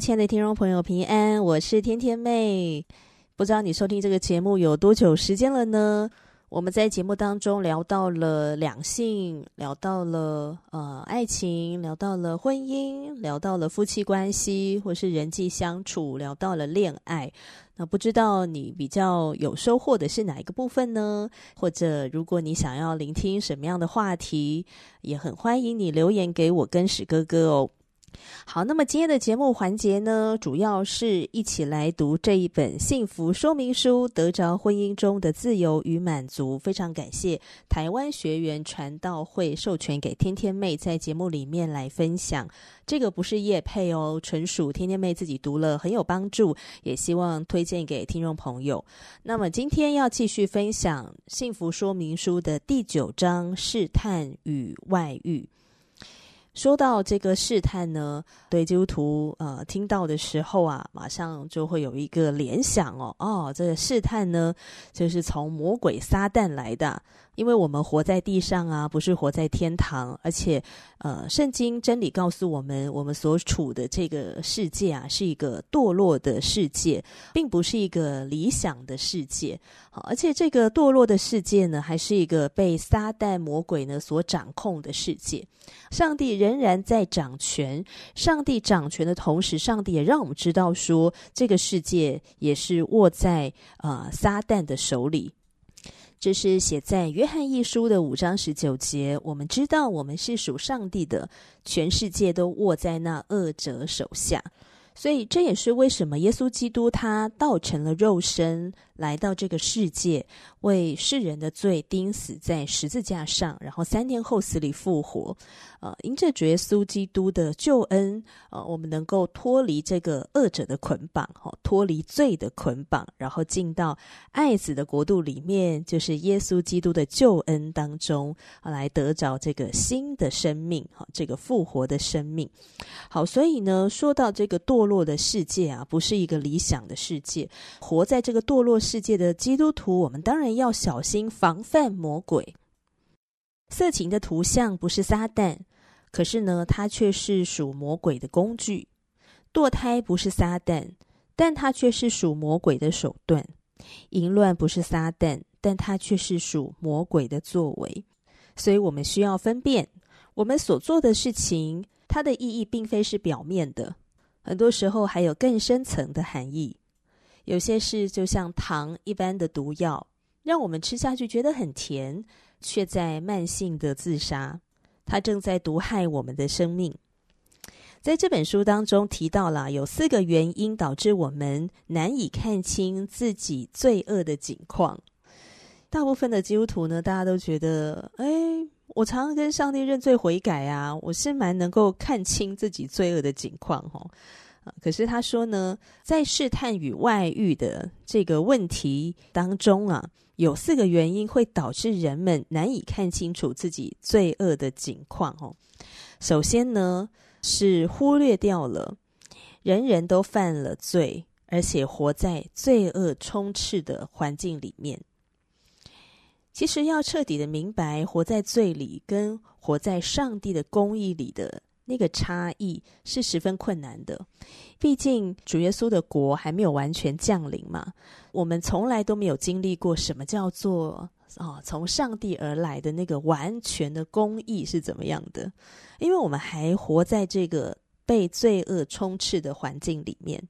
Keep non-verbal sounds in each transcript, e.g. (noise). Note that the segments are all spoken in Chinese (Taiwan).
親愛的聽眾朋友，平安，我是天天妹。不知道你收聽這個節目有多久時間了呢？我們在節目當中聊到了兩性，聊到了呃愛情，聊到了婚姻，聊到了夫妻關係，或是人際相處，聊到了戀愛。那不知道你比較有收穫的是哪一個部分呢？或者如果你想要聆聽什麼樣的話題，也很歡迎你留言給我跟史哥哥哦。好，那麼今天的節目環節呢，主要是一起來讀這一本《幸福說明書》，得着婚姻中的自由與滿足。非常感謝台灣學員傳道會授權給天天妹，在節目裡面來分享。這個不是業配哦，純屬天天妹自己讀了，很有幫助，也希望推薦給聽眾朋友。那麼今天要繼續分享《幸福說明書》的第九章：試探與外遇。說到這個試探呢，對基督徒呃聽到的時候啊，馬上就會有一個聯想哦，哦，這個試探呢，就是從魔鬼撒旦來的。因為我們活在地上啊，不是活在天堂，而且，呃，聖經真理告訴我們，我們所處的這個世界啊，是一個墮落的世界，並不是一個理想的世界。好，啊，而且這個墮落的世界呢，還是一個被撒旦魔鬼呢所掌控的世界。上帝仍然在掌權，上帝掌權的同時，上帝也讓我們知道說，這個世界也是握在呃撒旦的手裡。這是寫在約翰一書的五章十九節。我們知道，我們是屬上帝的，全世界都臥在那惡者手下。所以，這也是為什麼耶穌基督他道成了肉身。來到這個世界，為世人的罪釘死在十字架上，然後三天後死裡復活。呃，因着主耶穌基督的救恩，呃，我們能夠脫離這個惡者的捆綁，哦，脫離罪的捆綁，然後進到愛子的國度裡面，就是耶穌基督的救恩當中，來得着這個新的生命，哦，這個復活的生命。好，所以呢，說到這個墮落的世界啊，不是一個理想的世界，活在這個墮落世界的基督徒，我們當然要小心防範魔鬼。色情的圖像不是撒旦，可是呢，它卻是屬魔鬼的工具；墮胎不是撒旦，但它卻是屬魔鬼的手段；淫亂不是撒旦，但它卻是屬魔鬼的作為。所以我們需要分辨，我們所做的事情，它的意義並非是表面的，很多時候還有更深層的含義。有些事就像糖一般的毒藥，讓我們吃下去覺得很甜，卻在慢性的自殺。它正在毒害我們的生命。在這本書當中提到了有四個原因，導致我們難以看清自己罪惡的景況。大部分的基督徒呢，大家都覺得，誒、哎、我常常跟上帝認罪悔改啊，我是蠻能夠看清自己罪惡的景況，吼。可是他說呢，在試探與外遇的這個問題當中啊，有四個原因會導致人們難以看清楚自己罪惡的景況哦。首先呢，是忽略掉了人人都犯了罪，而且活在罪惡充斥的環境裡面。其實要徹底的明白，活在罪裡跟活在上帝的公義裡的，那個差異是十分困難的，畢竟主耶穌的國還沒有完全降臨嘛。我們從來都沒有經歷過什麼叫做啊、哦，從上帝而來的那個完全的公義是怎麼樣的？因為我們還活在這個被罪惡充斥的環境裡面，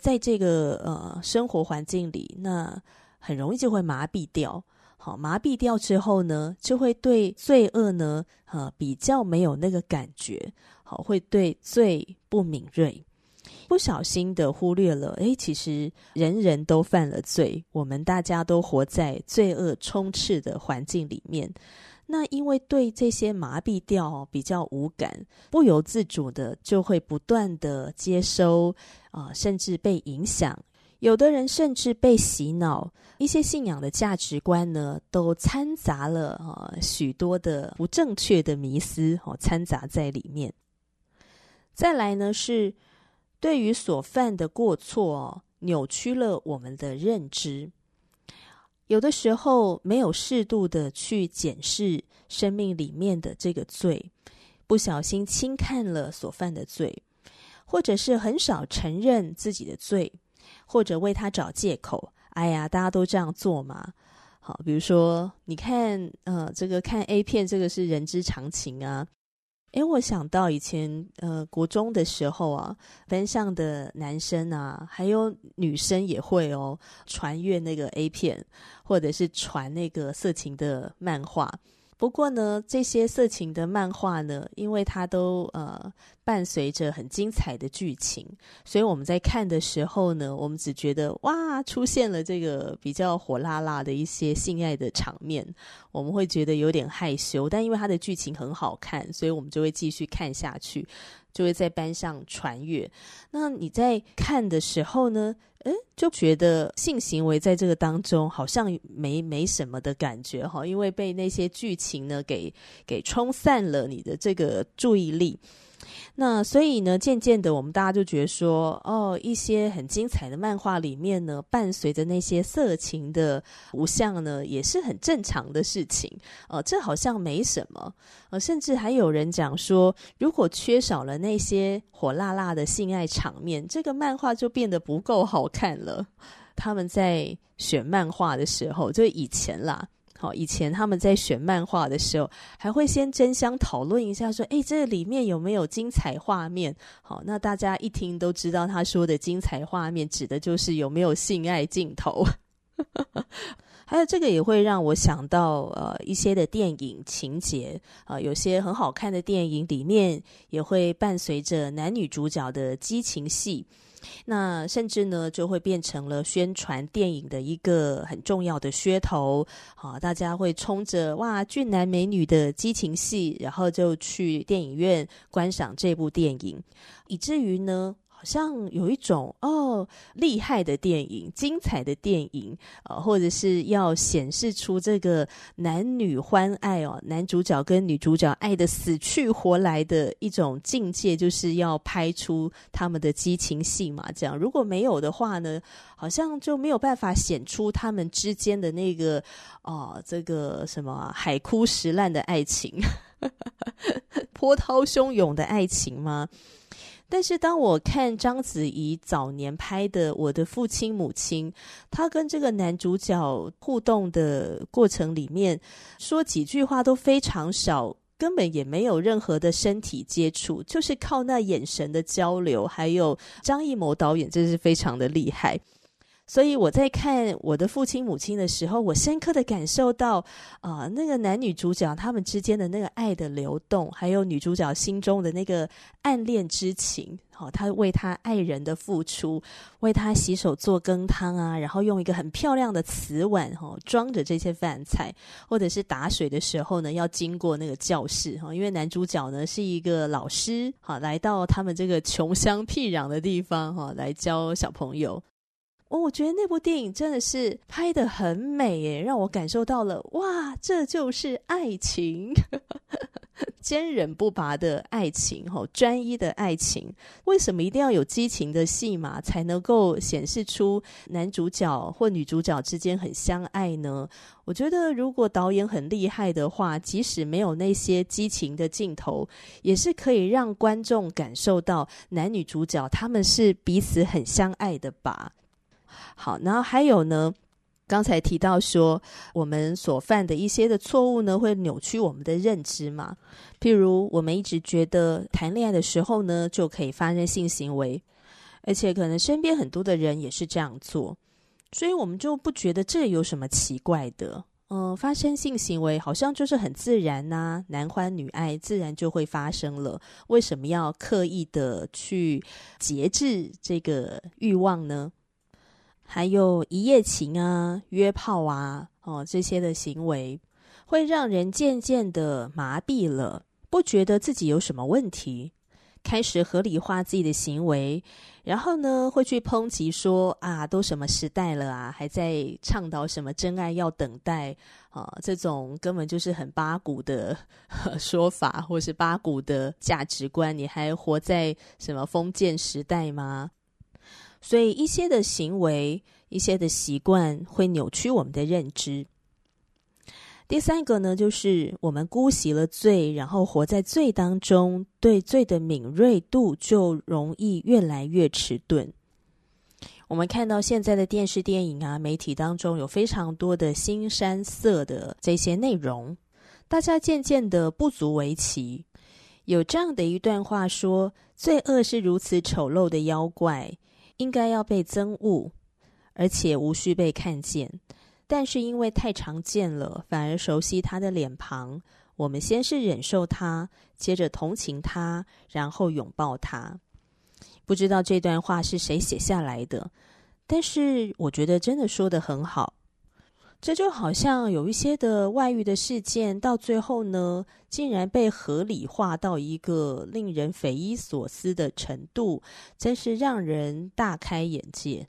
在這個呃生活環境裡，那很容易就會麻痹掉。好，麻痹掉之後呢，就會對罪惡呢，呃，比較沒有那個感覺，好，會對罪不敏銳，不小心的忽略了。誒，其實人人都犯了罪，我們大家都活在罪惡充斥的環境裡面。那因為對這些麻痹掉、哦、比較無感，不由自主的就會不斷的接收啊、呃，甚至被影響。有的人甚至被洗腦，一些信仰的價值觀呢，都摻雜了啊、哦、許多的不正確的迷思哦，摻雜在裡面。再來呢，是對於所犯的過錯，扭曲了我們的認知。有的時候沒有適度的去檢視生命裡面的這個罪，不小心輕看了所犯的罪，或者是很少承認自己的罪。或者為他找借口，哎呀，大家都這樣做嘛。好，比如說，你看，呃，這個看 A 片，這個是人之常情啊。誒，我想到以前，呃，國中的時候啊，班上的男生啊，還有女生也會哦，傳閱那個 A 片，或者是傳那個色情的漫畫。不過呢，這些色情的漫畫呢，因為它都呃伴隨着很精彩的劇情，所以我們在看的時候呢，我們只覺得哇，出現了這個比較火辣辣的一些性愛的場面，我們會覺得有點害羞，但因為它的劇情很好看，所以我們就會繼續看下去。就會在班上傳閱，那你在看的時候呢，誒，就覺得性行為在這個當中好像沒沒什麼的感覺哈，因為被那些劇情呢給給沖散了你的這個注意力。那所以呢，漸漸的，我們大家就覺得說，哦，一些很精彩的漫畫裡面呢，伴隨着那些色情的圖像呢，也是很正常的事情，哦、呃，這好像沒什麼，呃，甚至還有人講說，如果缺少了那些火辣辣的性愛場面，這個漫畫就變得不夠好看了。他們在選漫畫的時候，就以前啦。好，以前他們在選漫畫的時候，還會先爭相討論一下，說：“誒，這裡面有沒有精彩畫面？”好、哦，那大家一聽都知道，他說的精彩畫面指的就是有沒有性愛鏡頭。 (laughs) 還有這個也會讓我想到呃一些的電影情節啊、呃，有些很好看的電影裡面也會伴隨着男女主角的激情戲。那甚至呢，就會變成了宣傳電影的一個很重要的噱頭，好、啊，大家會衝着哇俊男美女的激情戲，然後就去電影院觀賞這部電影，以至於呢。像有一種哦厲害的電影、精彩的電影、呃、或者是要顯示出這個男女歡愛哦，男主角跟女主角愛得死去活來的一種境界，就是要拍出他們的激情戲嘛。這樣如果沒有的話呢，好像就沒有辦法顯出他們之間的那個哦、呃，這個什麼、啊、海枯石爛的愛情、 (laughs) 波濤洶湧的愛情嗎？但是當我看章子怡早年拍的《我的父親母親》，她跟這個男主角互動的過程裡面，說幾句話都非常少，根本也沒有任何的身體接觸，就是靠那眼神的交流，還有張藝謀導演真是非常的厲害。所以我在看我的父親母親的時候，我深刻的感受到，啊、呃，那個男女主角他們之間的那個愛的流動，還有女主角心中的那個暗戀之情。好、哦，她為她愛人的付出，為他洗手做羹湯啊，然後用一個很漂亮的瓷碗哈、哦、裝着這些飯菜，或者是打水的時候呢，要經過那個教室哈、哦，因為男主角呢是一個老師哈、哦，來到他們這個窮鄉僻壤的地方哈、哦，來教小朋友。哦、我覺得那部電影真的是拍得很美耶，讓我感受到了哇，這就是愛情，堅 (laughs) 忍不拔的愛情、哦，專一的愛情。為什麼一定要有激情的戲碼才能夠顯示出男主角或女主角之間很相愛呢？我覺得，如果導演很厲害的話，即使沒有那些激情的鏡頭，也是可以讓觀眾感受到男女主角他們是彼此很相愛的吧。好，然後還有呢，剛才提到說，我們所犯的一些的錯誤呢，會扭曲我們的認知嘛。譬如，我們一直覺得談戀愛的時候呢，就可以發生性行為，而且可能身邊很多的人也是這樣做，所以我們就不覺得這有什麼奇怪的。嗯，發生性行為好像就是很自然吶、啊，男歡女愛自然就會發生了，為什麼要刻意的去節制這個慾望呢？還有一夜情啊、約炮啊、哦，這些的行為，會讓人漸漸的麻痹了，不覺得自己有什麼問題，開始合理化自己的行為，然後呢，會去抨擊說啊，都什麼時代了啊，還在倡導什麼真愛要等待啊，哦，這種根本就是很八股的說法，或是八股的價值觀，你還活在什麼封建時代嗎？所以，一些的行為、一些的習慣會扭曲我們的認知。第三個呢，就是我們姑息了罪，然後活在罪當中，對罪的敏銳度就容易越來越遲鈍。我們看到現在的電視、電影啊，媒體當中有非常多的“腥羶色”的這些內容，大家漸漸的不足為奇。有這樣的一段話說：“罪惡是如此醜陋的妖怪。”應該要被憎惡，而且無需被看見。但是因為太常見了，反而熟悉他的臉龐。我們先是忍受他，接着同情他，然後擁抱他。不知道這段話是誰寫下來的，但是我覺得真的說的很好。這就好像有一些的外遇的事件，到最後呢，竟然被合理化到一個令人匪夷所思的程度，真是讓人大開眼界。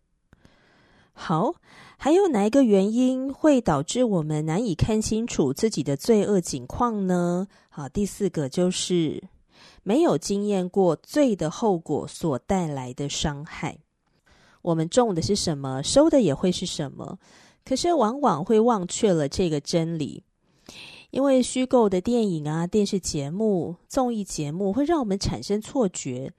好，還有哪一個原因會導致我們難以看清楚自己的罪惡景況呢？好，第四個就是沒有經驗過罪的後果所帶來的傷害。我們種的是什麼，收的也會是什麼。可是往往會忘卻了這個真理，因為虛構的電影啊、電視節目、綜藝節目會讓我們產生錯覺，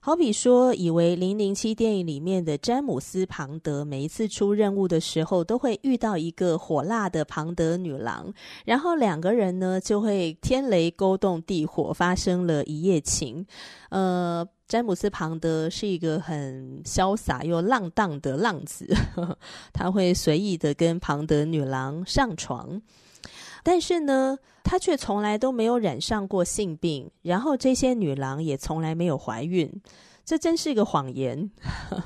好比說，以為《零零七》電影裡面的詹姆斯·龐德每一次出任務的時候，都會遇到一個火辣的龐德女郎，然後兩個人呢就會天雷勾動地火，發生了一夜情，呃。詹姆斯·龐德是一個很瀟灑又浪蕩的浪子，呵呵，他會隨意的跟龐德女郎上床，但是呢，他卻從來都沒有染上過性病，然後這些女郎也從來沒有懷孕，這真是個謊言呵呵。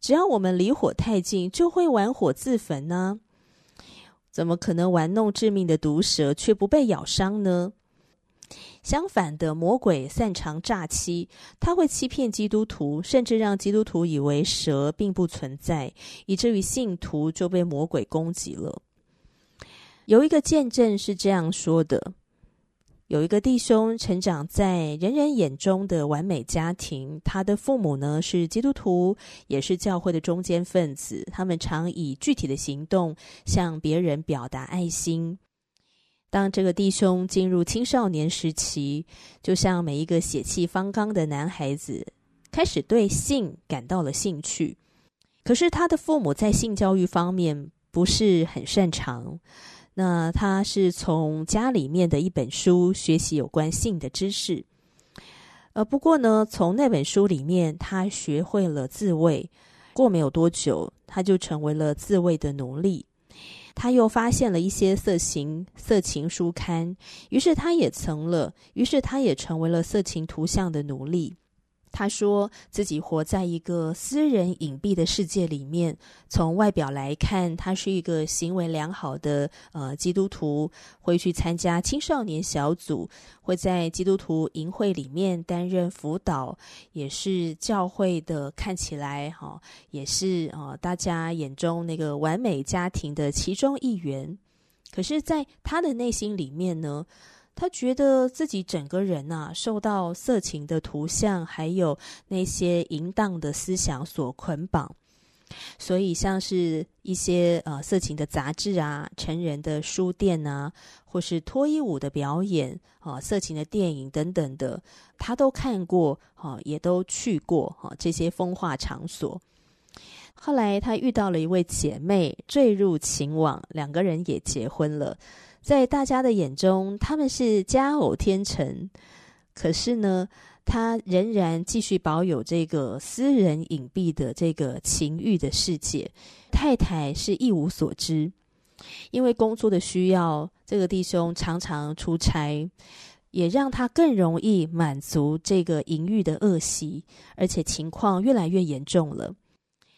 只要我們離火太近，就會玩火自焚呢，啊？怎麼可能玩弄致命的毒蛇卻不被咬傷呢？相反的，魔鬼擅長詐欺，他會欺騙基督徒，甚至讓基督徒以為蛇並不存在，以至於信徒就被魔鬼攻擊了。有一個見證是這樣說的：有一個弟兄成長在人人眼中的完美家庭，他的父母呢，是基督徒，也是教會的中堅分子，他們常以具體的行動向別人表達愛心。當這個弟兄進入青少年時期，就像每一個血氣方剛的男孩子，開始對性感到了興趣。可是他的父母在性教育方面不是很擅長，那他是從家裡面的一本書學習有關性的知識。呃，不過呢，從那本書裡面他學會了自慰，過沒有多久，他就成為了自慰的奴隸。他又發現了一些色情色情書刊，於是他也成了，於是他也成為了色情圖像的奴隸。他說自己活在一個私人隱蔽的世界裡面。從外表來看，他是一個行為良好的呃基督徒，會去參加青少年小組，會在基督徒營會裡面擔任輔導，也是教會的看起來哈、哦，也是、哦、大家眼中那個完美家庭的其中一員。可是，在他的內心裡面呢？他覺得自己整個人吶、啊，受到色情的圖像，還有那些淫蕩的思想所捆綁，所以像是一些呃色情的雜誌啊、成人的書店啊，或是脫衣舞的表演啊、呃、色情的電影等等的，他都看過，呃、也都去過、呃、這些風化場所。後來他遇到了一位姐妹，墜入情網，兩個人也結婚了。在大家的眼中，他們是佳偶天成。可是呢，他仍然繼續保有這個私人隱蔽的這個情慾的世界。太太是一無所知，因為工作的需要，這個弟兄常常出差，也讓他更容易滿足這個淫慾的惡習。而且情況越來越嚴重了，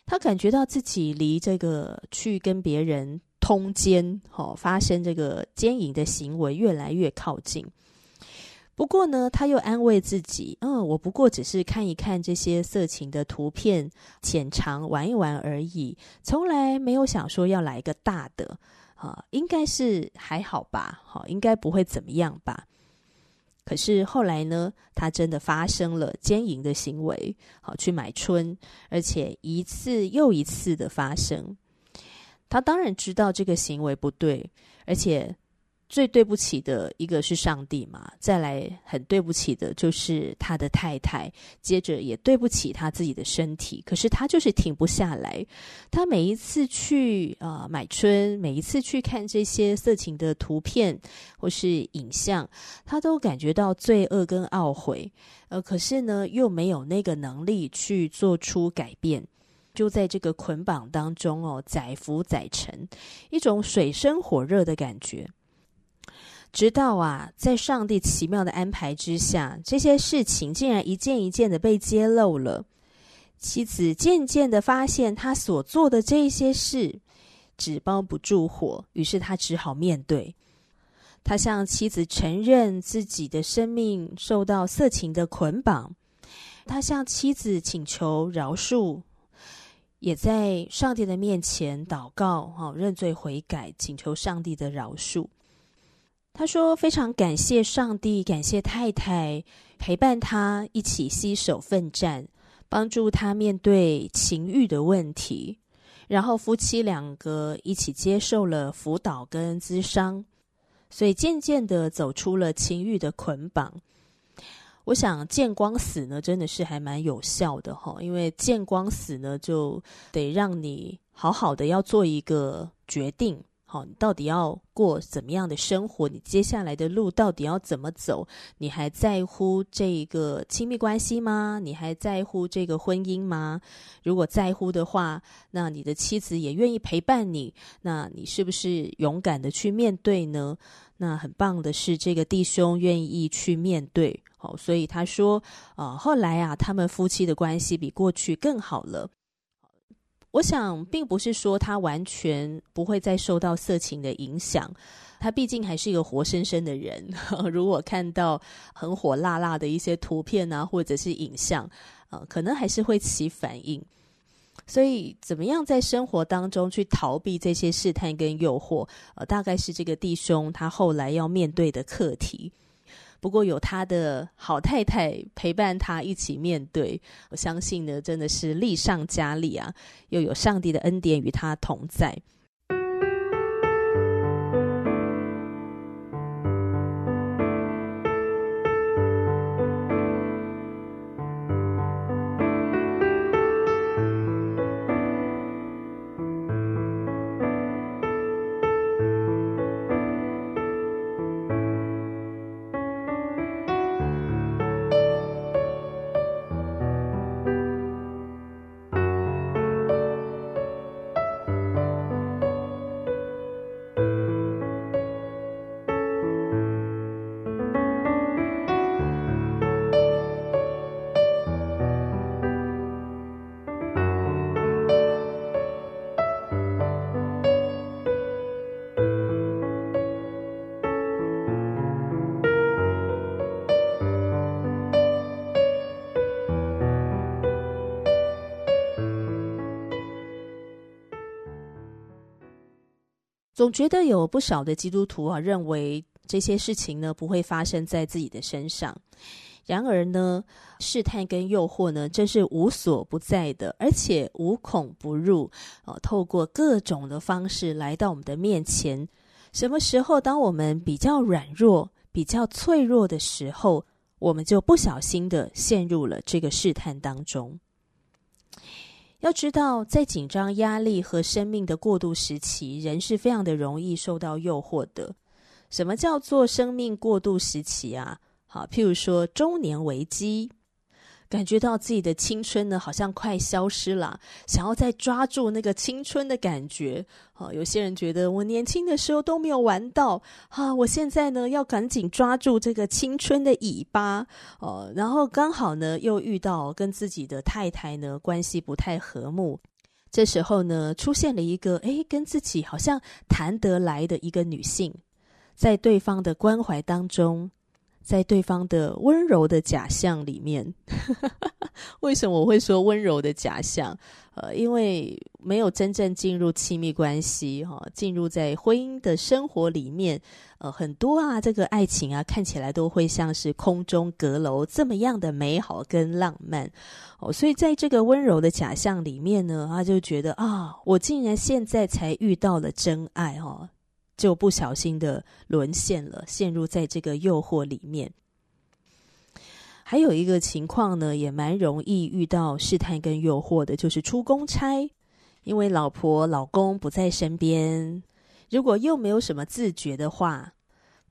他感覺到自己離這個去跟別人。空間，哦，發生這個姦淫的行為越來越靠近。不過呢，他又安慰自己，嗯，我不過只是看一看這些色情的圖片，淺嘗玩一玩而已，從來沒有想說要來一個大的，啊，應該是還好吧，啊，應該不會怎麼樣吧。可是後來呢，他真的發生了奸淫的行為，好，啊，去買春，而且一次又一次的發生。他當然知道這個行為不對，而且最對不起的一個是上帝嘛，再來很對不起的就是他的太太，接着也對不起他自己的身體。可是他就是停不下來，他每一次去啊、呃、買春，每一次去看這些色情的圖片或是影像，他都感覺到罪惡跟懊悔，呃，可是呢又沒有那個能力去做出改變。就在這個捆綁當中哦，載浮載沉，一種水深火熱的感覺。直到啊，在上帝奇妙的安排之下，這些事情竟然一件一件的被揭露了。妻子漸漸的發現，他所做的這些事紙包不住火，於是他只好面對。他向妻子承認自己的生命受到色情的捆綁，他向妻子請求饒恕。也在上帝的面前禱告，哈、哦，認罪悔改，請求上帝的饒恕。他說：“非常感謝上帝，感謝太太陪伴他一起攜手奮戰，幫助他面對情欲的問題。然後夫妻兩個一起接受了輔導跟諮商，所以漸漸的走出了情欲的捆綁。”我想見光死呢，真的是還蠻有效的哈、哦。因為見光死呢，就得讓你好好的要做一個決定，好、哦，你到底要過怎麼樣的生活？你接下來的路到底要怎麼走？你還在乎這個親密關係嗎？你還在乎這個婚姻嗎？如果在乎的話，那你的妻子也願意陪伴你，那你是不是勇敢的去面對呢？那很棒的是，這個弟兄願意去面對。哦，所以他說，啊、呃，後來啊，他們夫妻的關係比過去更好了。我想，並不是說他完全不會再受到色情的影響，他畢竟還是一個活生生的人、呃。如果看到很火辣辣的一些圖片啊，或者是影像、呃，可能還是會起反應。所以，怎麼樣在生活當中去逃避這些試探跟誘惑、呃，大概是這個弟兄他後來要面對的課題。如果有他的好太太陪伴他一起面對，我相信呢，真的是力上加力啊！又有上帝的恩典與他同在。總覺得有不少的基督徒啊，認為這些事情呢，不會發生在自己的身上。然而呢，試探跟誘惑呢，真是無所不在的，而且無孔不入，啊，透過各種的方式來到我們的面前。什麼時候，當我們比較軟弱、比較脆弱的時候，我們就不小心地陷入了這個試探當中。要知道，在緊張、壓力和生命的過渡時期，人是非常的容易受到誘惑的。什麼叫做生命過渡時期啊？好，譬如說中年危機。感覺到自己的青春呢，好像快消失了，想要再抓住那個青春的感覺。哦，有些人覺得我年輕的時候都沒有玩到，啊，我現在呢要趕緊抓住這個青春的尾巴。哦，然後剛好呢又遇到跟自己的太太呢關係不太和睦，這時候呢出現了一個，誒，跟自己好像談得來的一個女性，在對方的關懷當中。在對方的溫柔的假象裡面， (laughs) 為什麼我會說溫柔的假象？呃，因為沒有真正進入親密關係，哈、哦，進入在婚姻的生活裡面，呃，很多啊，這個愛情啊，看起來都會像是空中閣樓，這麼樣的美好跟浪漫哦，所以在這個溫柔的假象裡面呢，他就覺得啊，我竟然現在才遇到了真愛哦。就不小心的淪陷了，陷入在這個誘惑裡面。還有一個情況呢，也蠻容易遇到試探跟誘惑的，就是出公差，因為老婆老公不在身邊，如果又沒有什麼自覺的話，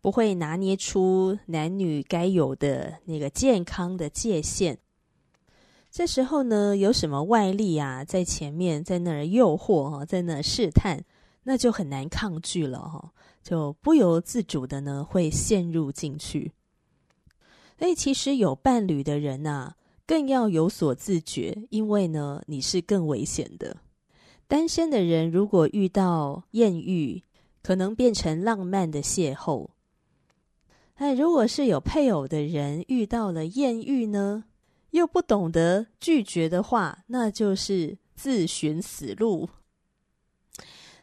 不會拿捏出男女該有的那個健康的界限。這時候呢，有什麼外力啊，在前面在那兒誘惑，在那試探。那就很難抗拒了哈、哦，就不由自主的呢，會陷入進去。所以，其實有伴侶的人吶、啊，更要有所自覺，因為呢，你是更危險的。單身的人如果遇到艷遇，可能變成浪漫的邂逅。哎，如果是有配偶的人遇到了艷遇呢，又不懂得拒絕的話，那就是自尋死路。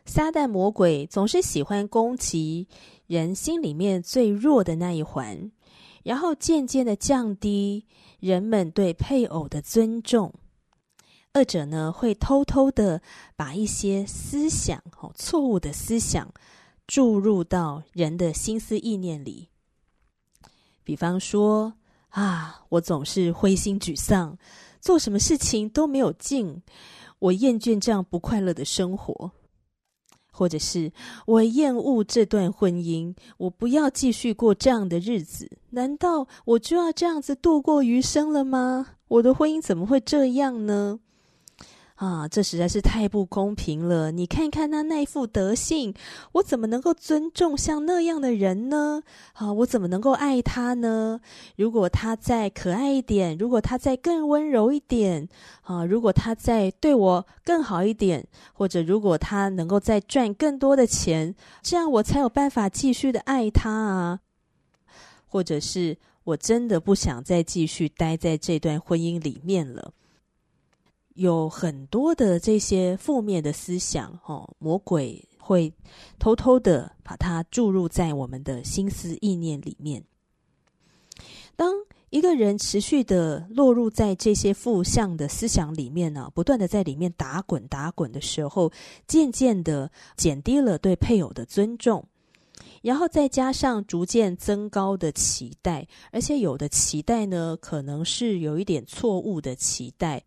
撒旦魔鬼總是喜歡攻擊人心裡面最弱的那一環，然後漸漸的降低人們對配偶的尊重。二者呢，會偷偷的把一些思想哦，錯誤的思想注入到人的心思意念裡。比方說啊，我總是灰心沮喪，做什麼事情都沒有勁，我厭倦這樣不快樂的生活。或者是我厭惡這段婚姻，我不要繼續過這樣的日子。難道我就要這樣子度過餘生了嗎？我的婚姻怎麼會這樣呢？啊，這實在是太不公平了！你看看他那副德性，我怎麼能夠尊重像那樣的人呢？啊，我怎麼能夠愛他呢？如果他再可愛一點，如果他再更溫柔一點，啊，如果他再對我更好一點，或者如果他能夠再賺更多的錢，這樣我才有辦法繼續的愛他啊。或者是我真的不想再繼續待在這段婚姻裡面了。有很多的這些負面的思想，哦，魔鬼會偷偷的把它注入在我們的心思意念裡面。當一個人持續的落入在這些負向的思想裡面呢，啊，不斷的在裡面打滾打滾的時候，漸漸的減低了對配偶的尊重，然後再加上逐漸增高的期待，而且有的期待呢，可能是有一點錯誤的期待。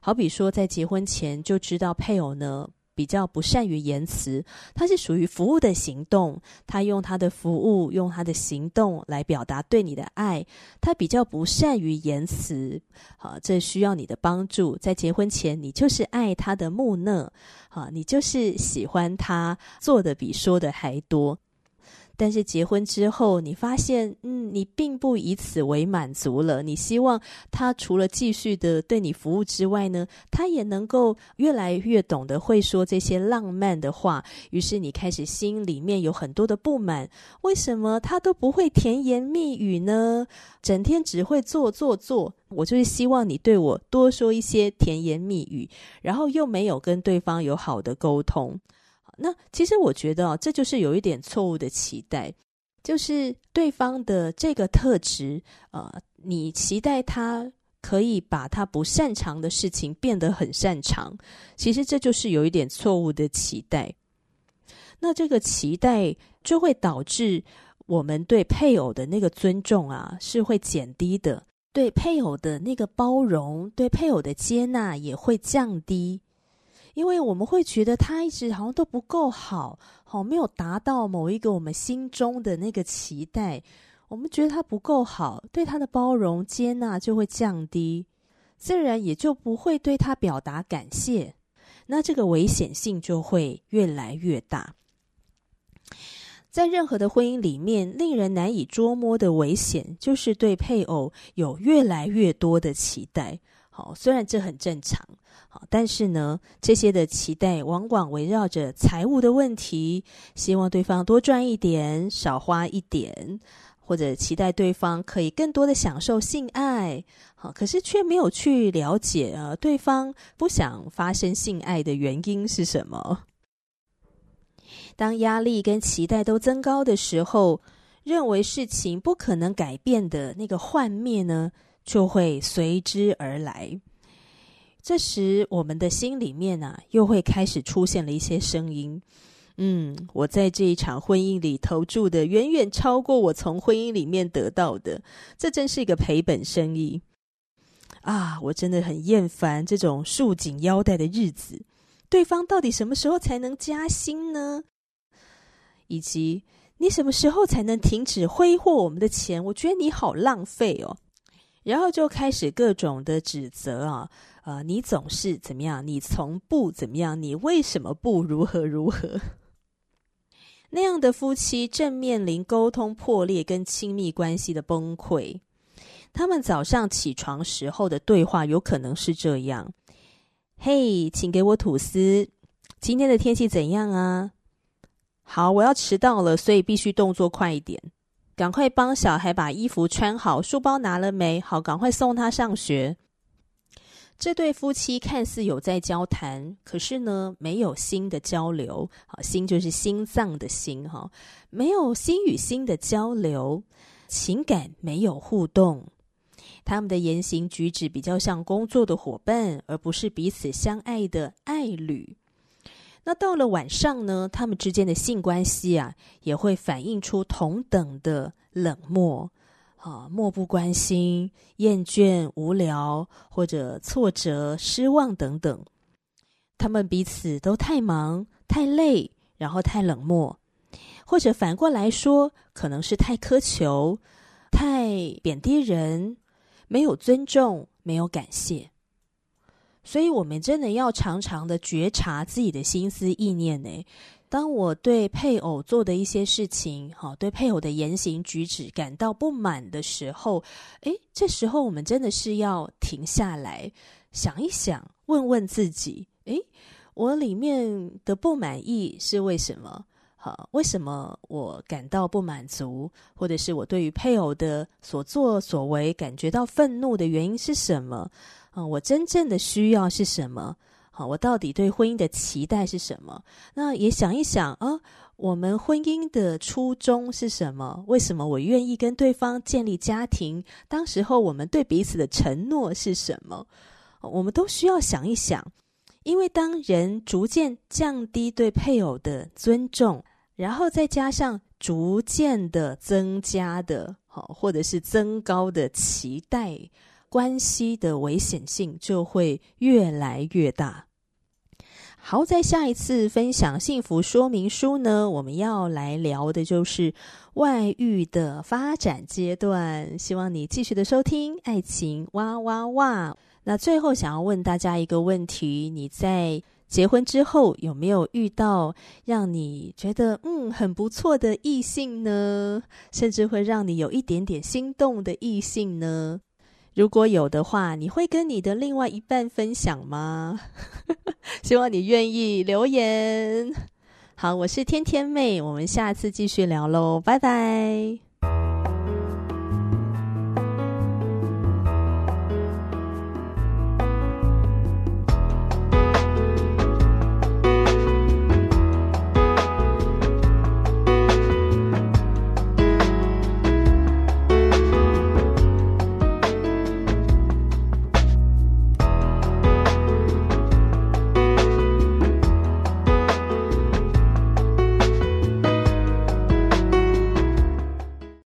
好比說，在結婚前就知道配偶呢比較不善於言辭，他是屬於服務的行動，他用他的服務、用他的行動來表達對你的愛，他比較不善於言辭，啊，這需要你的幫助。在結婚前，你就是愛他的木訥，啊，你就是喜歡他做的比說的還多。但是結婚之後，你發現，嗯，你並不以此為滿足了。你希望他除了繼續的對你服務之外呢，他也能夠越來越懂得會說這些浪漫的話。於是你開始心裡面有很多的不滿，為什麼他都不會甜言蜜語呢？整天只會做做做。我就是希望你對我多說一些甜言蜜語，然後又沒有跟對方有好的溝通。那其實我覺得哦、啊，這就是有一點錯誤的期待，就是對方的這個特質，呃，你期待他可以把他不擅長的事情變得很擅長，其實這就是有一點錯誤的期待。那這個期待就會導致我們對配偶的那個尊重啊，是會減低的；對配偶的那個包容，對配偶的接納也會降低。因為我們會覺得他一直好像都不夠好，好，沒有達到某一個我們心中的那個期待，我們覺得他不夠好，對他的包容接納就會降低，自然也就不會對他表達感謝，那這個危險性就會越來越大。在任何的婚姻裡面，令人難以捉摸的危險就是對配偶有越來越多的期待。好，雖然這很正常。好，但是呢，這些的期待往往圍繞着財務的問題，希望對方多賺一點、少花一點，或者期待對方可以更多的享受性愛。好，可是卻沒有去了解啊，對方不想發生性愛的原因是什麼？當壓力跟期待都增高的時候，認為事情不可能改變的那個幻滅呢，就會隨之而來。這時，我們的心裡面啊，又會開始出現了一些聲音。嗯，我在這一場婚姻裡投注的遠遠超過我從婚姻裡面得到的，這真是一個賠本生意啊！我真的很厭煩這種束緊腰帶的日子。對方到底什麼時候才能加薪呢？以及你什麼時候才能停止揮霍我們的錢？我覺得你好浪費哦。然後就開始各種的指責啊。啊、呃！你總是怎麼樣？你從不怎麼樣？你為什麼不如何如何？ (laughs) 那樣的夫妻正面臨溝通破裂跟親密關係的崩潰。他們早上起床時候的對話有可能是這樣：“嘿，hey, 請給我吐司。今天的天氣怎樣啊？好，我要遲到了，所以必須動作快一點，趕快幫小孩把衣服穿好，書包拿了沒？好，趕快送他上學。”這對夫妻看似有在交談，可是呢，沒有心的交流。好，心就是心臟的心，哈，沒有心與心的交流，情感沒有互動。他們的言行舉止比較像工作的夥伴，而不是彼此相愛的愛侶。那到了晚上呢，他們之間的性關係啊，也會反映出同等的冷漠。啊，漠不關心、厭倦、無聊或者挫折、失望等等，他們彼此都太忙、太累，然後太冷漠，或者反過來說，可能是太苛求、太貶低人，沒有尊重、沒有感謝。所以，我們真的要常常的覺察自己的心思意念呢。當我對配偶做的一些事情，啊，對配偶的言行舉止感到不滿的時候，誒，這時候我們真的是要停下來想一想，問問自己：誒，我裡面的不滿意是為什麼？好，為什麼我感到不滿足，或者是我對於配偶的所作所為感覺到憤怒的原因是什麼？嗯，我真正的需要是什麼？啊，我到底對婚姻的期待是什麼？那也想一想啊，我們婚姻的初衷是什麼？為什麼我願意跟對方建立家庭？當時候我們對彼此的承諾是什麼？啊，我們都需要想一想，因為當人逐漸降低對配偶的尊重，然後再加上逐漸的增加的，啊，或者是增高的期待，關係的危險性就會越來越大。好，在下一次分享幸福說明書呢，我們要來聊的就是外遇的發展階段。希望你繼續的收聽《愛情哇哇哇》。那最後想要問大家一個問題，你在結婚之後有沒有遇到讓你覺得，嗯，很不錯的異性呢？甚至會讓你有一點點心動的異性呢？如果有的話，你會跟你的另外一半分享嗎？ (laughs) 希望你願意留言。好，我是天天妹，我們下次繼續聊嘍，拜拜。